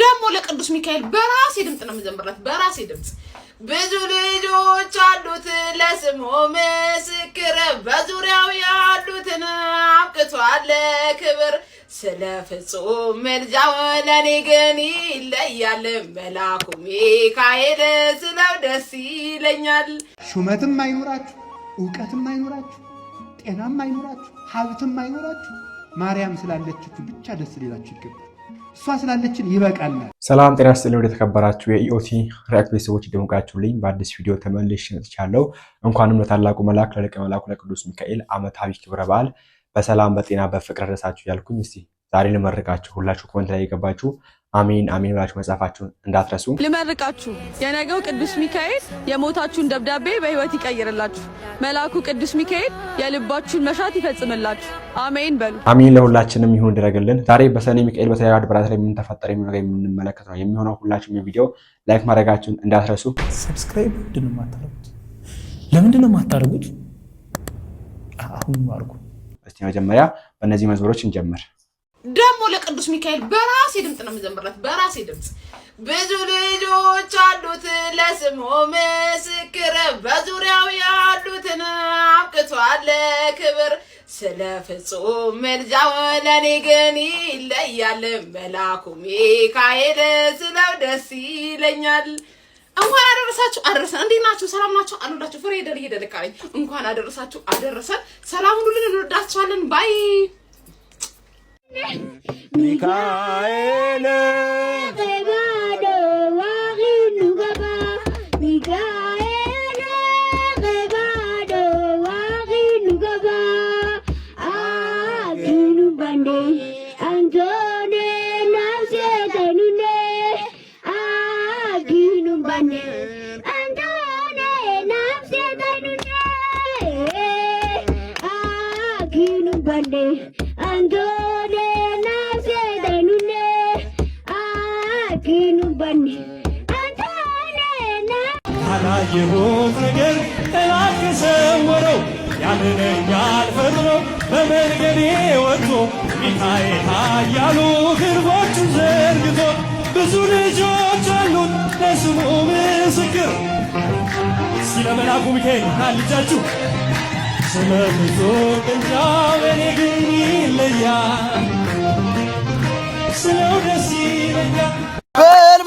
ደግሞ ለቅዱስ ሚካኤል በራሴ ድምፅ ነው የምዘምርላት፣ በራሴ ድምፅ። ብዙ ልጆች አሉት ለስሙ ምስክር፣ በዙሪያው ያሉትን አብቅቷል ክብር። ስለ ፍጹም ምልጃው ለኔ ግን ይለያል፣ መላኩ ሚካኤል ስለው ደስ ይለኛል። ሹመትም አይኖራችሁ፣ እውቀትም አይኖራችሁ፣ ጤናም አይኖራችሁ፣ ሀብትም አይኖራችሁ፣ ማርያም ስላለችችሁ ብቻ ደስ ሊላችሁ ይገባል። እሷ ስላለችን ይበቃል። ሰላም ጤና ስጥልኝ። ወደ ተከበራችሁ የኢኦቲ ሪያክት ቤተሰቦች ይደመቃችሁልኝ። በአዲስ ቪዲዮ ተመልሼ መጥቻለሁ። እንኳንም ለታላቁ መልአክ ለደቀ መልአኩ ለቅዱስ ሚካኤል ዓመታዊ ክብረ በዓል በሰላም በጤና በፍቅር ደረሳችሁ ያልኩኝ እስቲ ዛሬ ልመርቃችሁ። ሁላችሁ ኮመንት ላይ የገባችሁ አሜን አሜን ብላችሁ መጻፋችሁን እንዳትረሱ። ልመርቃችሁ። የነገው ቅዱስ ሚካኤል የሞታችሁን ደብዳቤ በህይወት ይቀይርላችሁ። መልአኩ ቅዱስ ሚካኤል የልባችሁን መሻት ይፈጽምላችሁ። አሜን በሉ። አሜን ለሁላችንም ይሁን ይደረግልን። ዛሬ በሰኔ ሚካኤል በተለያዩ አድባራት ላይ የምንተፈጠረ የሚሆነ የምንመለከት ነው የሚሆነው። ሁላችሁም የቪዲዮ ላይክ ማድረጋችሁን እንዳትረሱ። ሰብስክራይብ ምንድን ነው የማታደርጉት? ለምንድን ነው የማታደርጉት? አሁን አድርጉ። እስቲ መጀመሪያ በእነዚህ መዝሙሮች እንጀምር። ደግሞ ለቅዱስ ሚካኤል በራሴ ድምፅ ነው የምዘምርላት። በራሴ ድምፅ ብዙ ልጆች አሉት ለስሙ ምስክር፣ በዙሪያው ያሉትን አብቅቷል ክብር። ስለ ፍጹም ምልጃው ለእኔ ግን ይለያል፣ መላኩ ሚካኤል ስለው ደስ ይለኛል። እንኳን አደረሳችሁ አደረሰን። እንዴት ናችሁ? ሰላም ናችሁ? አልወዳችሁ ፍሬ ደል እየደልካለኝ እንኳን አደረሳችሁ አደረሰን። ሰላም ሁሉ እንወዳችኋለን ባይ Mikaele regado warinu baba Mikaele regado warinu baba Azinu bande anjone nasye tenine Azinu bande anjone ያየሁት ነገር እላክ ሰወረው! ያንን ያልፈር ነው በመንገዴ ወጥቶ ሚካኤል ኃያሉ ክንፎቹን ዘርግቶ ብዙ ልጆች አሉት ለስሙ ምስክር ስለ መልአኩ ሚካኤል ናልጃችሁ ስለ ብዙ ቅንጫው እኔ ግን ይለያል ስለው ደስ ይለኛል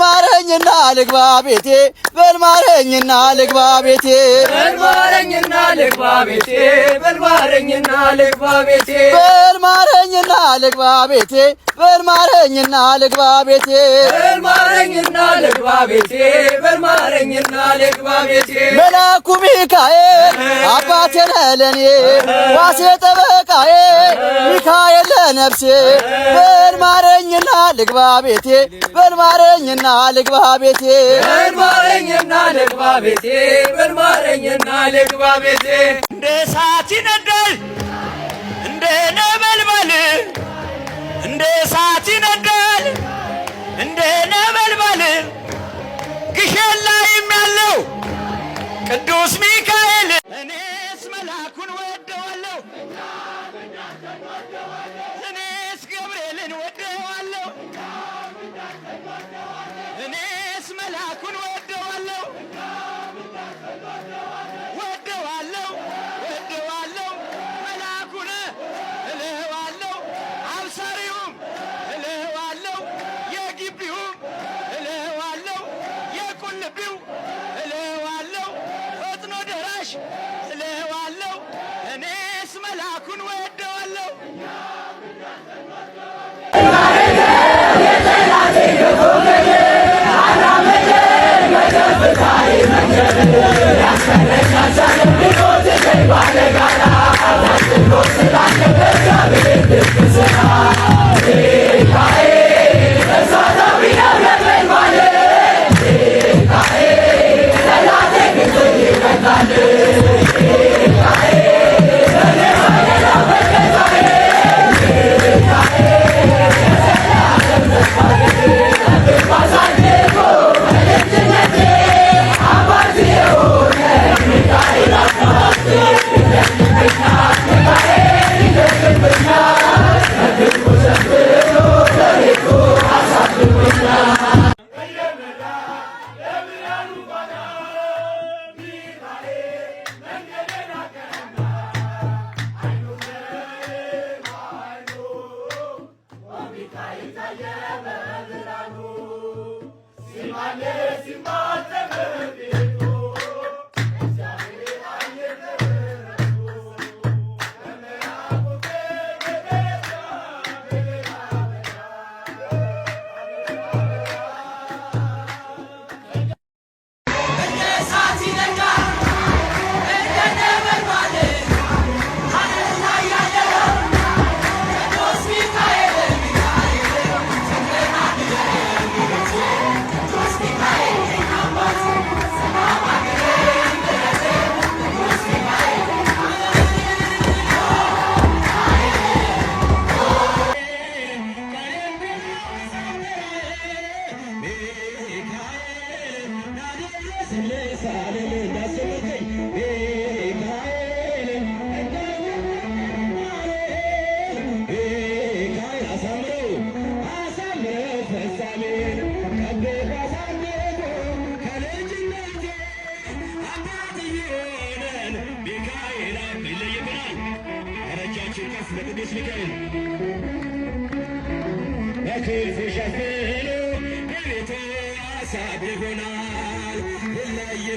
በልማረኝና ልግባ ቤቴ በልማረኝና ልግባ ቤቴ በልማረኝና ልግባ ቤቴ በልማረኝና ልግባ ቤቴ በልማረኝና ልግባ ቤቴ በልማረኝና ልግባ ቤቴ በልማረኝና ልግባ ቤቴ በልማረኝና ልግባ ቤቴ መላኩ ሚካኤል አባቴ ለኔ ዋሴ ጠበቃዬ ሚካኤል ለነፍሴ በልማረኝና ልግባ ቤቴ በልማረኝና ልግባ ቤቴ ብንማረኝና ልግባ ቤቴ ብንማረኝና ልግባ ቤቴ እንደ እሳት ይነዳል እንደ ነበልባል እንደ እሳት ይነዳል እንደ ነበልባል ግሸን ላይም ያለው ቅዱስ ሚካኤል እኔስ መላኩ አግብ እልዋለው ፈጥኖ ደራሽ እለዋለው እኔስ መላኩን ወደዋለው Hey! Yeah. አለም እንዳስብከኝ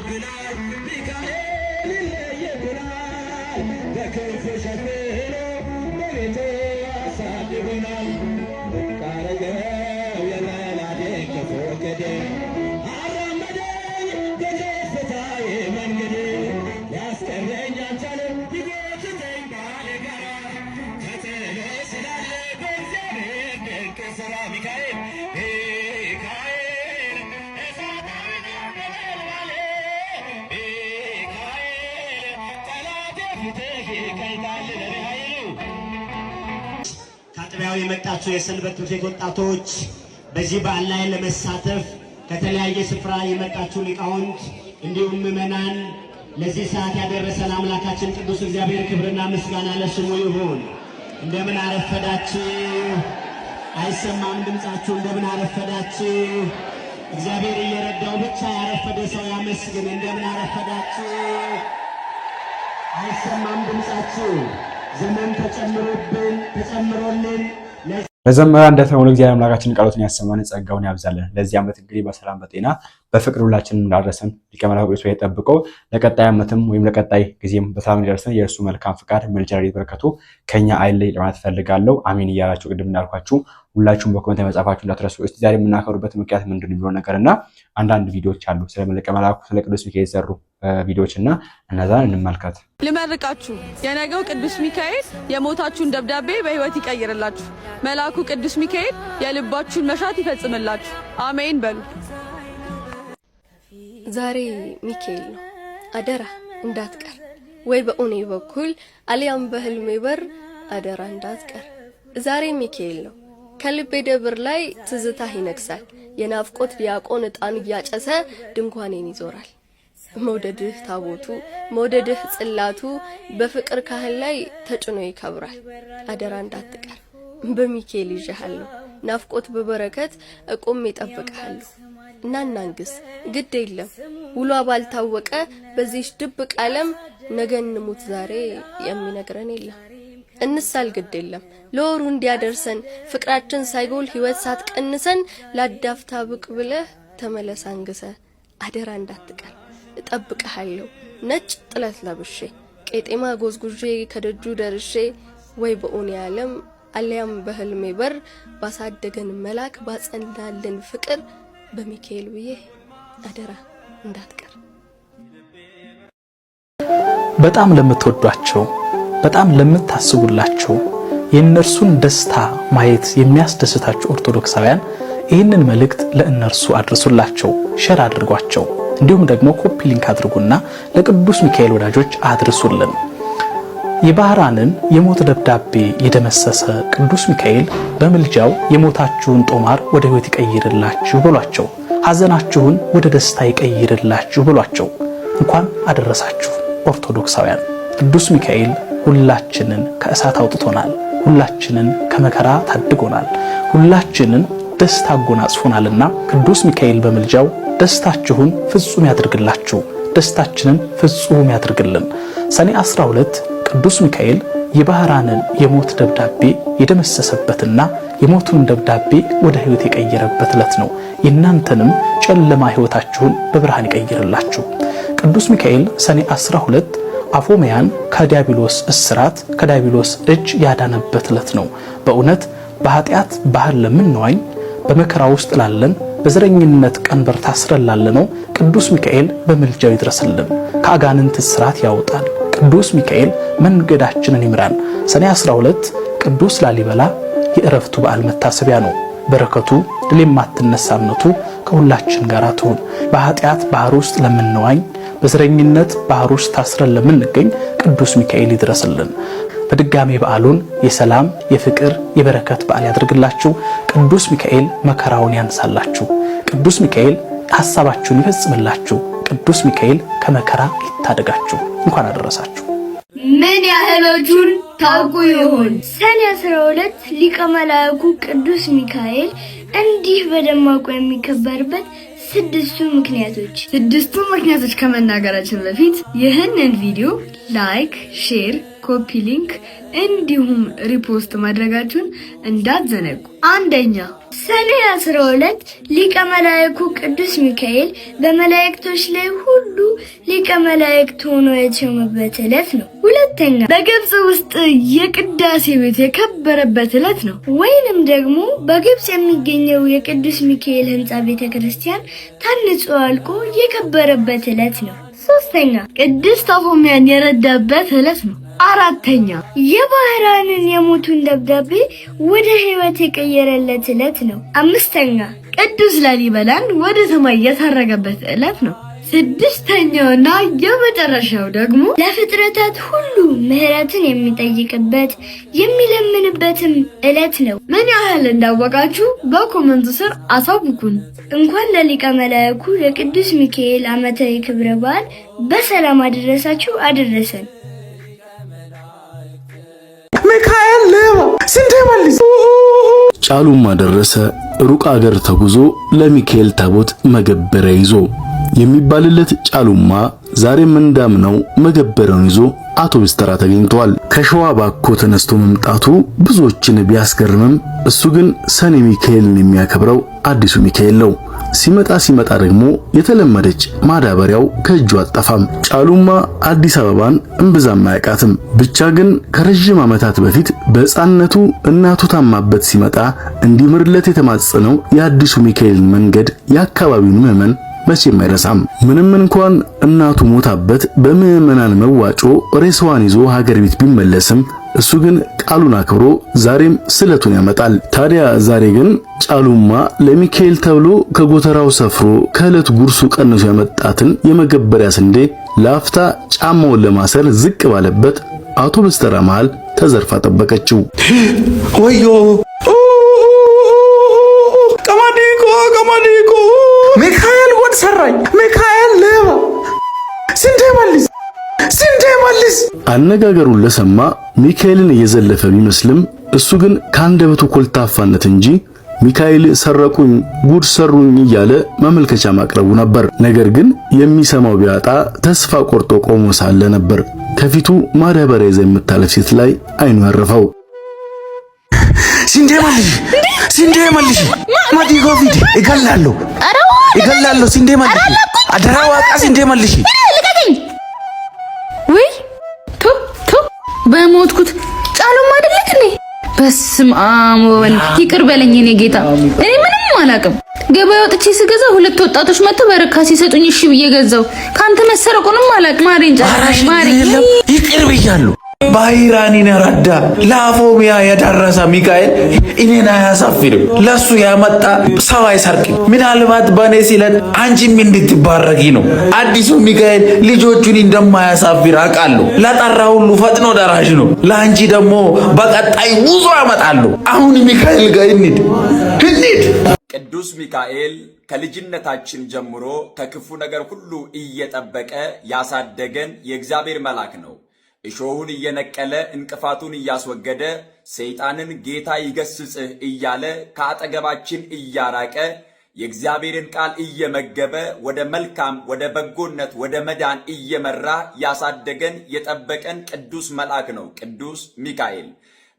ይለየብናል፣ ሚካኤል ይለየብናል፣ በክንፍ ሸፍኖ በቤቱ ያሳድበናል። ያላቸው የሰንበት ትምህርት ቤት ወጣቶች፣ በዚህ በዓል ላይ ለመሳተፍ ከተለያየ ስፍራ የመጣችሁ ሊቃውንት፣ እንዲሁም ምዕመናን ለዚህ ሰዓት ያደረሰን አምላካችን ቅዱስ እግዚአብሔር ክብርና ምስጋና ለስሙ ይሁን። እንደምን አረፈዳችሁ? አይሰማም ድምፃችሁ። እንደምን አረፈዳችሁ? እግዚአብሔር እየረዳው ብቻ ያረፈደ ሰው ያመስግን። እንደምን አረፈዳችሁ? አይሰማም ድምፃችሁ። ዘመን ተጨምሮብን ተጨምሮልን በዘመራ እንደተሞሉ እግዚአብሔር አምላካችን ቃሎትን ያሰማን ጸጋውን ያብዛለን። ለዚህ ዓመት እንግዲህ በሰላም በጤና በፍቅር ሁላችን እንዳደረሰን ሊቀ መላእክት ቅዱስ ሚካኤል ለቀጣይ ዓመትም ወይም ለቀጣይ ጊዜም በሰላም እንዲያደርሰን የእርሱ መልካም ፍቃድ ምልጃና በረከቱ ከኛ አይለይ ለማለት እፈልጋለሁ። አሜን እያላችሁ ቅድም እንዳልኳችሁ ሁላችሁም በኮመንት መጻፋችሁ እንዳትረሱ። እስቲ ዛሬ የምናከብርበት ምክንያት ምንድን የሚለው ነገር እና አንዳንድ ቪዲዮዎች አሉ ስለ ሊቀ መላእክቱ ስለ ቅዱስ ሚካኤል የሰሩ ቪዲዮዎች እና እነዛን እንመልከት። ልመርቃችሁ የነገው ቅዱስ ሚካኤል የሞታችሁን ደብዳቤ በህይወት ይቀይርላችሁ። መልአኩ ቅዱስ ሚካኤል የልባችሁን መሻት ይፈጽምላችሁ። አሜን በሉ። ዛሬ ሚካኤል ነው። አደራ እንዳትቀር ወይ በእኔ በኩል አሊያም በህልሜ በር አደራ እንዳትቀር። ዛሬ ሚካኤል ነው። ከልቤ ደብር ላይ ትዝታህ ይነግሳል። የናፍቆት ዲያቆን እጣን እያጨሰ ድንኳኔን ይዞራል። መውደድህ ታቦቱ፣ መውደድህ ጽላቱ በፍቅር ካህን ላይ ተጭኖ ይከብራል። አደራ እንዳትቀር በሚካኤል ይዣሃለሁ። ናፍቆት በበረከት እቆም ይጠብቅሃለሁ። እናናንግስ ግድ የለም ውሏ ባልታወቀ በዚህ ድብቅ ዓለም ነገ እንሙት ዛሬ የሚነግረን የለም። እንሳል ግድ የለም ለወሩ እንዲያደርሰን ፍቅራችን ሳይጎል ህይወት ሳትቀንሰን ላዳፍታ ብቅ ብለህ ተመለስ አንግሰ አደራ እንዳትቀር እጠብቅሃለሁ ነጭ ጥለት ለብሼ ቄጤማ ጎዝጉዤ ከደጁ ደርሼ ወይ በእውኔ ዓለም አልያም በህልሜ በር ባሳደገን መላክ ባጸናልን ፍቅር በሚካኤል ብዬ አደራ እንዳትቀር። በጣም ለምትወዷቸው በጣም ለምታስቡላቸው የእነርሱን ደስታ ማየት የሚያስደስታቸው ኦርቶዶክሳውያን ይህንን መልእክት ለእነርሱ አድርሱላቸው፣ ሸር አድርጓቸው። እንዲሁም ደግሞ ኮፒ ሊንክ አድርጉና ለቅዱስ ሚካኤል ወዳጆች አድርሱልን። የባህራንን የሞት ደብዳቤ የደመሰሰ ቅዱስ ሚካኤል በምልጃው የሞታችሁን ጦማር ወደ ሕይወት ይቀይርላችሁ ብሏቸው፣ ሐዘናችሁን ወደ ደስታ ይቀይርላችሁ ብሏቸው። እንኳን አደረሳችሁ ኦርቶዶክሳውያን። ቅዱስ ሚካኤል ሁላችንን ከእሳት አውጥቶናል። ሁላችንን ከመከራ ታድጎናል። ሁላችንን ደስታ አጎናጽፎናልና ቅዱስ ሚካኤል በምልጃው ደስታችሁን ፍጹም ያድርግላችሁ፣ ደስታችንን ፍጹም ያድርግልን። ሰኔ 12 ቅዱስ ሚካኤል የባህራንን የሞት ደብዳቤ የደመሰሰበትና የሞቱን ደብዳቤ ወደ ህይወት የቀየረበት ዕለት ነው። የእናንተንም ጨለማ ህይወታችሁን በብርሃን ይቀይርላችሁ። ቅዱስ ሚካኤል ሰኔ 12 አፎሚያን ከዲያብሎስ እስራት ከዲያብሎስ እጅ ያዳነበት ዕለት ነው። በእውነት በኃጢአት ባህር ለምንዋኝ በመከራ ውስጥ ላለን በዘረኝነት ቀንበር ታስረን ላለነው ቅዱስ ሚካኤል በምልጃው ይድረስልን፣ ከአጋንንት እስራት ያውጣል። ቅዱስ ሚካኤል መንገዳችንን ይምራን። ሰኔ 12 ቅዱስ ላሊበላ የእረፍቱ በዓል መታሰቢያ ነው። በረከቱ ድል የማትነሳነቱ ከሁላችን ጋር ትሁን። በኃጢአት ባህር ውስጥ ለምንዋኝ፣ በዝረኝነት ባህር ውስጥ ታስረን ለምንገኝ ቅዱስ ሚካኤል ይድረስልን። በድጋሜ በዓሉን የሰላም የፍቅር የበረከት በዓል ያድርግላችሁ። ቅዱስ ሚካኤል መከራውን ያንሳላችሁ። ቅዱስ ሚካኤል ሐሳባችሁን ይፈጽምላችሁ። ቅዱስ ሚካኤል ከመከራ ይታደጋችሁ። እንኳን አደረሳችሁ። ምን ያህል እጁን ታውቁ ይሆን? ሰኔ 12 ሊቀ መላእክቱ ቅዱስ ሚካኤል እንዲህ በደማቁ የሚከበርበት ስድስቱ ምክንያቶች። ስድስቱ ምክንያቶች ከመናገራችን በፊት ይህንን ቪዲዮ ላይክ፣ ሼር፣ ኮፒ ሊንክ እንዲሁም ሪፖስት ማድረጋችሁን እንዳትዘነጉ። አንደኛ ሰኔ 12 ሊቀ መላእክቱ ቅዱስ ሚካኤል በመላእክቶች ላይ ሁሉ ሊቀ መላእክት ሆኖ የተሾመበት ዕለት ነው። ሁለተኛ በግብፅ ውስጥ የቅዳሴ ቤት የከበረበት ዕለት ነው። ወይንም ደግሞ በግብፅ የሚገኘው የቅዱስ ሚካኤል ህንፃ ቤተ ክርስቲያን ታንጾ አልቆ የከበረበት ዕለት ነው። ሶስተኛ ቅዱስ ቶፎሚያን የረዳበት ዕለት ነው። አራተኛ የባህራንን የሞቱን ደብዳቤ ወደ ህይወት የቀየረለት ዕለት ነው። አምስተኛ ቅዱስ ላሊበላን ወደ ሰማይ የታረገበት ዕለት ነው። ስድስተኛውና የመጨረሻው ደግሞ ለፍጥረታት ሁሉ ምሕረትን የሚጠይቅበት የሚለምንበትም ዕለት ነው። ምን ያህል እንዳወቃችሁ በኮመንቱ ስር አሳውቁን። እንኳን ለሊቀ መላእክቱ ለቅዱስ ሚካኤል ዓመታዊ ክብረ በዓል በሰላም አደረሳችሁ አደረሰን። ሚካኤል ሌባ ስንቴ መልስ። ሩቅ አገር ተጉዞ ለሚካኤል ታቦት መገበሪያ ይዞ የሚባልለት ጫሉማ ዛሬም እንዳምነው መገበሪያውን ይዞ አውቶብስ ተራ ተገኝቷል። ከሸዋ ባኮ ተነስቶ መምጣቱ ብዙዎችን ቢያስገርምም እሱ ግን ሰኔ ሚካኤልን የሚያከብረው አዲሱ ሚካኤል ነው። ሲመጣ ሲመጣ ደግሞ የተለመደች ማዳበሪያው ከእጁ አጠፋም። ጫሉማ አዲስ አበባን እምብዛም አያውቃትም። ብቻ ግን ከረዥም ዓመታት በፊት በሕፃንነቱ እናቱ ታማበት ሲመጣ እንዲምርለት የተማጸነው የአዲሱ ሚካኤልን መንገድ የአካባቢውን ምዕመን መቼም አይረሳም። ምንም እንኳን እናቱ ሞታበት በምዕመናን መዋጮ ሬሳዋን ይዞ ሀገር ቤት ቢመለስም እሱ ግን ቃሉን አክብሮ ዛሬም ስለቱን ያመጣል። ታዲያ ዛሬ ግን ጫሉማ ለሚካኤል ተብሎ ከጎተራው ሰፍሮ ከእለት ጉርሱ ቀንሶ ያመጣትን የመገበሪያ ስንዴ ለአፍታ ጫማውን ለማሰር ዝቅ ባለበት አውቶብስ ተራ መሃል ተዘርፋ ጠበቀችው። ወዮ አነጋገሩን ለሰማ ሚካኤልን እየዘለፈ ቢመስልም እሱ ግን ካንደበቱ ኮልታፋነት እንጂ ሚካኤል ሰረቁኝ፣ ጉድ ሰሩኝ እያለ ማመልከቻ ማቅረቡ ነበር። ነገር ግን የሚሰማው ቢያጣ ተስፋ ቆርጦ ቆሞ ሳለ ነበር ከፊቱ ማዳበሪያ ይዛ የምታለፍ ሴት ላይ አይኑ ያረፈው። ስንዴ መልሽ፣ ስንዴ መልሽ፣ ማዲ ኮቪድ እገላለሁ፣ እገላለሁ፣ ስንዴ መልሽ፣ አደራ ዋቃ፣ ሲንዴ መልሽ ሲንዴ መልሽ ማዲ ኮቪድ እገላለሁ እገላለሁ ስንዴ መልሽ አደራ ዋቃ ስንዴ በሞትኩት ጫሎም አይደለክ እንዴ? በስም አሞን ይቅር በለኝ እኔ ጌታ፣ እኔ ምንም አላቅም። ገበያ ወጥቼ ስገዛ ሁለት ወጣቶች መጥተው በረካ ሲሰጡኝ እሺ ብዬ ገዛው። ካንተ መሰረቁንም አላቅ ማሬን ጫራሽ ማሬ ይቅር ብያለሁ። ባይራኒን ረዳ ለአፎሚያ የደረሰ ሚካኤል እኔን አያሳፍርም። ለሱ ያመጣ ሰው አይሰርቅ። ምናልባት በእኔ ሲለን አንቺም እንድትባረጊ ነው። አዲሱ ሚካኤል ልጆቹን እንደማያሳፍር አውቃለሁ። ለጠራ ሁሉ ፈጥኖ ደራሽ ነው። ለአንቺ ደግሞ በቀጣይ ውዞ አመጣለሁ። አሁን ሚካኤል ጋር እንሂድ እንሂድ። ቅዱስ ሚካኤል ከልጅነታችን ጀምሮ ከክፉ ነገር ሁሉ እየጠበቀ ያሳደገን የእግዚአብሔር መልአክ ነው። እሾሁን እየነቀለ እንቅፋቱን እያስወገደ ሰይጣንን ጌታ ይገስጽህ እያለ ከአጠገባችን እያራቀ የእግዚአብሔርን ቃል እየመገበ ወደ መልካም ወደ በጎነት ወደ መዳን እየመራ ያሳደገን የጠበቀን ቅዱስ መልአክ ነው ቅዱስ ሚካኤል።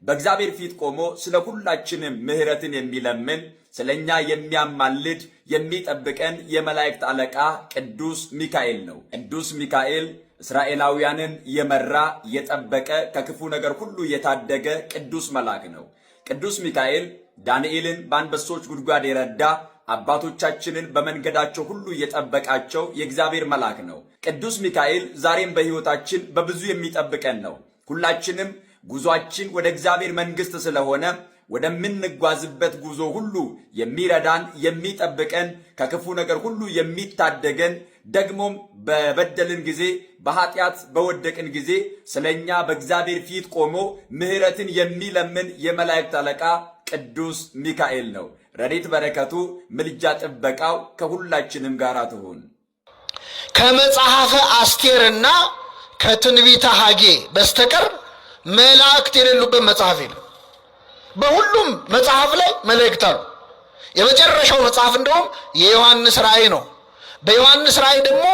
በእግዚአብሔር ፊት ቆሞ ስለ ሁላችንም ምሕረትን የሚለምን ስለ እኛ የሚያማልድ የሚጠብቀን የመላእክት አለቃ ቅዱስ ሚካኤል ነው። ቅዱስ ሚካኤል እስራኤላውያንን የመራ የጠበቀ ከክፉ ነገር ሁሉ የታደገ ቅዱስ መልአክ ነው። ቅዱስ ሚካኤል ዳንኤልን በአንበሶች ጉድጓድ የረዳ አባቶቻችንን በመንገዳቸው ሁሉ የጠበቃቸው የእግዚአብሔር መልአክ ነው። ቅዱስ ሚካኤል ዛሬም በሕይወታችን በብዙ የሚጠብቀን ነው። ሁላችንም ጉዟችን ወደ እግዚአብሔር መንግሥት ስለሆነ ወደምንጓዝበት ጉዞ ሁሉ የሚረዳን የሚጠብቀን ከክፉ ነገር ሁሉ የሚታደገን ደግሞም በበደልን ጊዜ በኃጢአት በወደቅን ጊዜ ስለኛ በእግዚአብሔር ፊት ቆሞ ምሕረትን የሚለምን የመላእክት አለቃ ቅዱስ ሚካኤል ነው። ረዴት በረከቱ፣ ምልጃ ጥበቃው ከሁላችንም ጋር ትሁን። ከመጽሐፈ አስቴርና ከትንቢተ ሐጌ በስተቀር መላእክት የሌሉበት መጽሐፍ የለም። በሁሉም መጽሐፍ ላይ መላእክት አሉ። የመጨረሻው መጽሐፍ እንደውም የዮሐንስ ራእይ ነው። በዮሐንስ ራእይ ደግሞ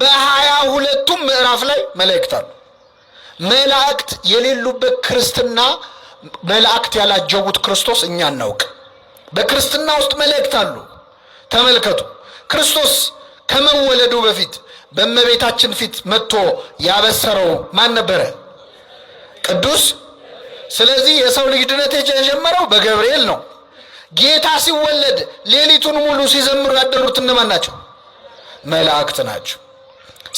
በሀያ ሁለቱም ምዕራፍ ላይ መላእክት አሉ። መላእክት የሌሉበት ክርስትና መላእክት ያላጀቡት ክርስቶስ እኛ እናውቅ። በክርስትና ውስጥ መላእክት አሉ። ተመልከቱ፣ ክርስቶስ ከመወለዱ በፊት በእመቤታችን ፊት መጥቶ ያበሰረው ማን ነበረ? ቅዱስ። ስለዚህ የሰው ልጅ ድነት የጀመረው በገብርኤል ነው። ጌታ ሲወለድ ሌሊቱን ሙሉ ሲዘምሩ ያደሩት እነማን ናቸው? መላእክት ናቸው።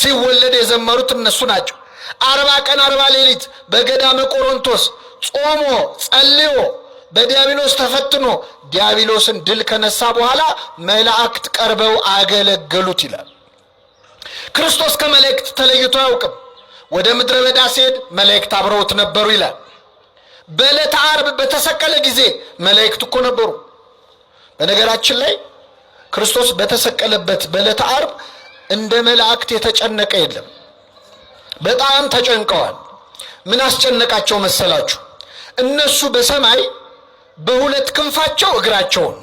ሲወለድ የዘመሩት እነሱ ናቸው። አርባ ቀን አርባ ሌሊት በገዳመ ቆሮንቶስ ጾሞ ጸልዮ በዲያብሎስ ተፈትኖ ዲያብሎስን ድል ከነሳ በኋላ መላእክት ቀርበው አገለገሉት ይላል። ክርስቶስ ከመላእክት ተለይቶ አያውቅም። ወደ ምድረ በዳ ሲሄድ መላእክት አብረውት ነበሩ ይላል። በዕለተ ዓርብ በተሰቀለ ጊዜ መላእክት እኮ ነበሩ። በነገራችን ላይ ክርስቶስ በተሰቀለበት በዕለተ ዓርብ እንደ መላእክት የተጨነቀ የለም። በጣም ተጨንቀዋል። ምን አስጨነቃቸው መሰላችሁ? እነሱ በሰማይ በሁለት ክንፋቸው እግራቸውን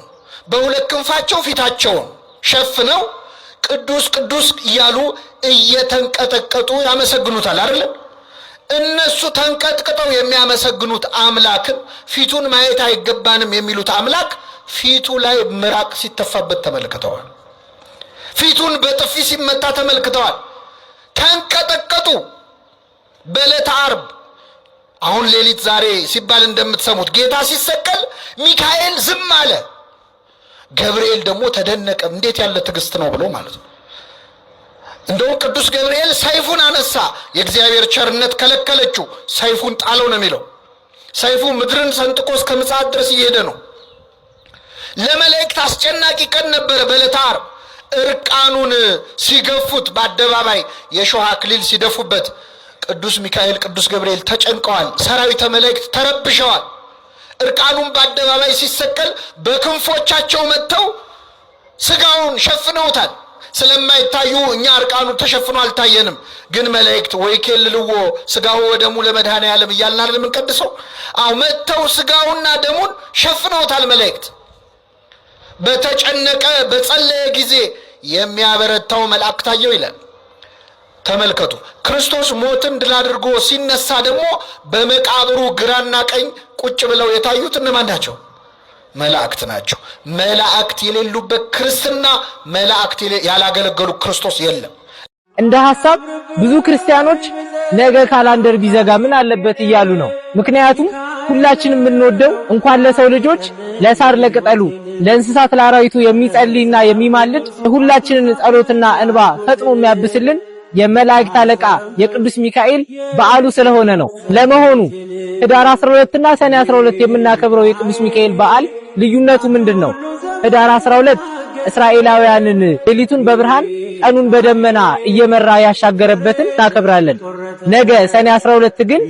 በሁለት ክንፋቸው ፊታቸውን ሸፍነው ቅዱስ ቅዱስ እያሉ እየተንቀጠቀጡ ያመሰግኑታል አይደለም? እነሱ ተንቀጥቅጠው የሚያመሰግኑት አምላክን ፊቱን ማየት አይገባንም የሚሉት አምላክ ፊቱ ላይ ምራቅ ሲተፋበት ተመልክተዋል። ፊቱን በጥፊ ሲመታ ተመልክተዋል። ተንቀጠቀጡ። በዕለተ ዓርብ አሁን ሌሊት ዛሬ ሲባል እንደምትሰሙት ጌታ ሲሰቀል ሚካኤል ዝም አለ። ገብርኤል ደግሞ ተደነቀ። እንዴት ያለ ትዕግስት ነው ብሎ ማለት ነው። እንደውም ቅዱስ ገብርኤል ሰይፉን አነሳ፣ የእግዚአብሔር ቸርነት ከለከለችው። ሰይፉን ጣለው ነው የሚለው። ሰይፉ ምድርን ሰንጥቆ እስከ ምጽአት ድረስ እየሄደ ነው። ለመላእክት አስጨናቂ ቀን ነበረ። በዕለተ ዓርብ እርቃኑን ሲገፉት በአደባባይ የእሾህ አክሊል ሲደፉበት ቅዱስ ሚካኤል፣ ቅዱስ ገብርኤል ተጨንቀዋል። ሰራዊተ መላእክት ተረብሸዋል። እርቃኑን በአደባባይ ሲሰቀል በክንፎቻቸው መጥተው ስጋውን ሸፍነውታል። ስለማይታዩ እኛ እርቃኑ ተሸፍኖ አልታየንም። ግን መላእክት ወይ ኬልልዎ ስጋው ወደሙ ለመድኃኔ ዓለም እያልን አይደል የምንቀድሰው? አዎ መጥተው ስጋውና ደሙን ሸፍነውታል መላእክት። በተጨነቀ በጸለየ ጊዜ የሚያበረታው መልአክ ታየው ይላል። ተመልከቱ። ክርስቶስ ሞትን ድል አድርጎ ሲነሳ ደግሞ በመቃብሩ ግራና ቀኝ ቁጭ ብለው የታዩት እነማን ናቸው? መላእክት ናቸው። መላእክት የሌሉበት ክርስትና፣ መላእክት ያላገለገሉ ክርስቶስ የለም። እንደ ሐሳብ ብዙ ክርስቲያኖች ነገ ካላንደር ቢዘጋ ምን አለበት እያሉ ነው። ምክንያቱም ሁላችንም የምንወደው እንኳን ለሰው ልጆች ለሳር ለቅጠሉ ለእንስሳት ለአራዊቱ የሚጸልይና የሚማልድ ሁላችንን ጸሎትና እንባ ፈጥኖ የሚያብስልን የመላእክት አለቃ የቅዱስ ሚካኤል በዓሉ ስለሆነ ነው። ለመሆኑ ህዳር 12 እና ሰኔ 12 የምናከብረው የቅዱስ ሚካኤል በዓል ልዩነቱ ምንድን ነው? ህዳር 12 እስራኤላውያንን ሌሊቱን በብርሃን ቀኑን በደመና እየመራ ያሻገረበትን እናከብራለን። ነገ ሰኔ 12 ግን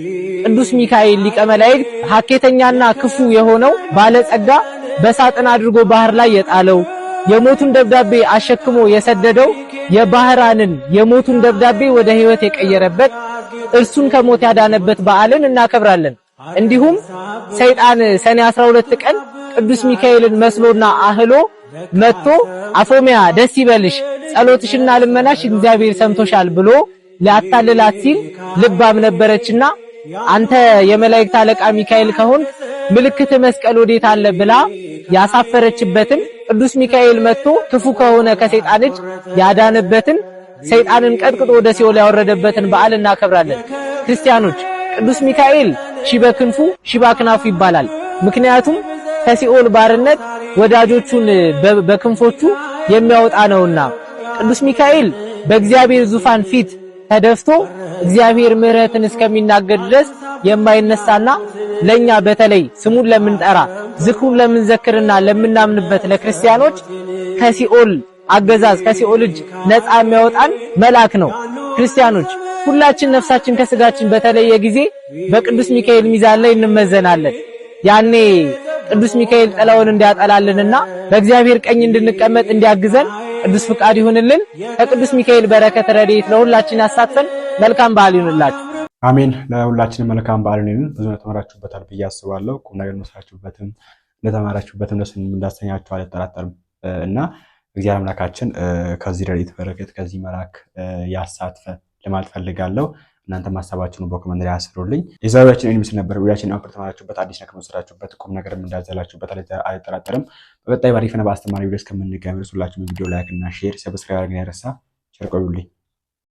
ቅዱስ ሚካኤል ሊቀ መላእክት ሐኬተኛና ክፉ የሆነው ባለጸጋ በሳጥን አድርጎ ባህር ላይ የጣለው የሞቱን ደብዳቤ አሸክሞ የሰደደው የባህራንን የሞቱን ደብዳቤ ወደ ህይወት የቀየረበት እርሱን ከሞት ያዳነበት በዓልን እናከብራለን። እንዲሁም ሰይጣን ሰኔ 12 ቀን ቅዱስ ሚካኤልን መስሎና አህሎ መጥቶ አፎሚያ ደስ ይበልሽ፣ ጸሎትሽና ልመናሽ እግዚአብሔር ሰምቶሻል ብሎ ሊያታልላት ሲል ልባም ነበረችና አንተ የመላእክት አለቃ ሚካኤል ከሆን ምልክት መስቀል ወዴት አለ ብላ ያሳፈረችበትን ቅዱስ ሚካኤል መጥቶ ክፉ ከሆነ ከሰይጣን እጅ ያዳነበትን ሰይጣንን ቀጥቅጦ ወደ ሲኦል ያወረደበትን በዓል እናከብራለን። ክርስቲያኖች ቅዱስ ሚካኤል ሺበክንፉ ሺባክናፉ ይባላል። ምክንያቱም ከሲኦል ባርነት ወዳጆቹን በክንፎቹ የሚያወጣ ነውና ቅዱስ ሚካኤል በእግዚአብሔር ዙፋን ፊት ተደፍቶ እግዚአብሔር ምሕረትን እስከሚናገር ድረስ የማይነሳና ለኛ በተለይ ስሙን ለምንጠራ ዝክሩን ለምንዘክርና ለምናምንበት ለክርስቲያኖች ከሲኦል አገዛዝ ከሲኦል እጅ ነፃ የሚያወጣን መልአክ ነው። ክርስቲያኖች ሁላችን ነፍሳችን ከስጋችን በተለየ ጊዜ በቅዱስ ሚካኤል ሚዛን ላይ እንመዘናለን። ያኔ ቅዱስ ሚካኤል ጥላውን እንዲያጠላልንና በእግዚአብሔር ቀኝ እንድንቀመጥ እንዲያግዘን ቅዱስ ፍቃድ ይሁንልን። ከቅዱስ ሚካኤል በረከት ረድኤት ለሁላችን ያሳትፈን። መልካም በዓል ይሁንላችሁ። አሜን። ለሁላችን መልካም በዓል ይሁንልን። ብዙ ተማራችሁበታል ብዬ አስባለሁ። ቁም ነገር መስራችሁበትም እንደተማራችሁበትም ደስ እንዳሰኛችሁ አልጠራጠርም እና እግዚአብሔር አምላካችን ከዚህ ረድኤት በረከት ከዚህ መልአክ ያሳትፈን ለማለት ፈልጋለሁ። እናንተ ማሳባችሁን በኮመንት ላይ አስሩልኝ። የዛሬያችን ይህን ምስል ነበር። ሁላችን አፍር ተማራችሁበት፣ አዲስ ነገር መውሰዳችሁበት፣ ቁም ነገርም እንዳዘላችሁበት አልጠራጠርም። በቀጣይ ባሪፍና በአስተማሪ ቪዲዮ እስከምንገናኝ ሁላችሁም ቪዲዮ ላይክ እና ሼር ሰብስክራይብ አድርገን ያረሳ ቸር ቆዩልኝ።